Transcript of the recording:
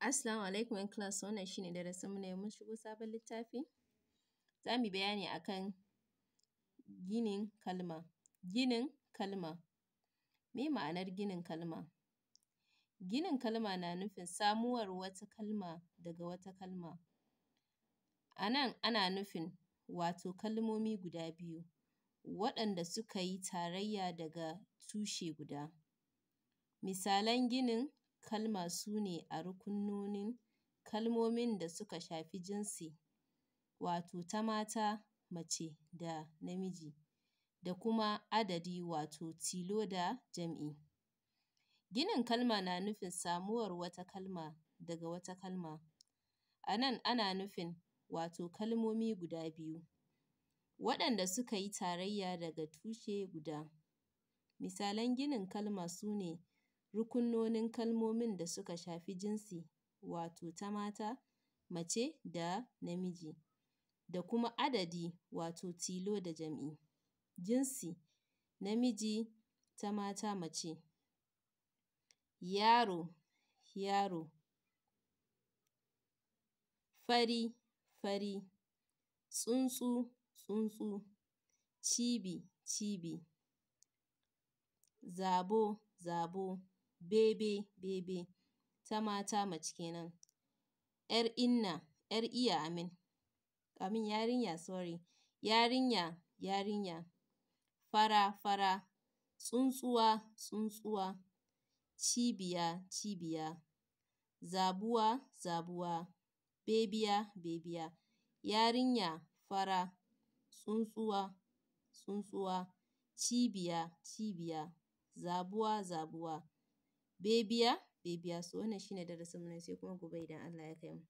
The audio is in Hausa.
Assalamu alaikum ‘yan class, wannan shi ne darasinmu na yau. Mun shigo sabon littafi, za mu yi bayani a kan ginin kalma. Ginin kalma, ye ma'anar ginin kalma? Ginin kalma na nufin samuwar wata kalma daga wata kalma. A nan ana nufin wato kalmomi guda biyu, waɗanda suka yi tarayya daga tushe guda. Misalan ginin kalma su ne a rukunonin kalmomin da suka shafi jinsi, wato ta mata mace da namiji, da kuma adadi wato tilo da jam'i. Ginin kalma na nufin samuwar wata kalma daga wata kalma. A nan ana nufin wato kalmomi guda biyu, waɗanda suka yi tarayya daga tushe guda. Misalan ginin kalma su ne Rukunonin kalmomin da suka shafi jinsi wato ta mata, mace da namiji, da kuma adadi wato tilo da jam'i. Jinsi namiji, ta mata mace. Yaro, yaro. Fari, fari. Tsuntsu, tsuntsu. Cibi, cibi. Zabo, zabo. bebe bebe ta mata mace kenan, ‘yar inna, ‘yar iya amin, amin yarinya sorry, yarinya yarinya, fara fara, tsuntsuwa tsuntsuwa, cibiya cibiya, zabuwa zabuwa, bebiya bebiya, yarinya fara, tsuntsuwa tsuntsuwa, cibiya cibiya, zabuwa zabuwa, bebiya bebiya. su. wannan shi ne darasinmu na sai kuma gobe idan Allah ya kaimu.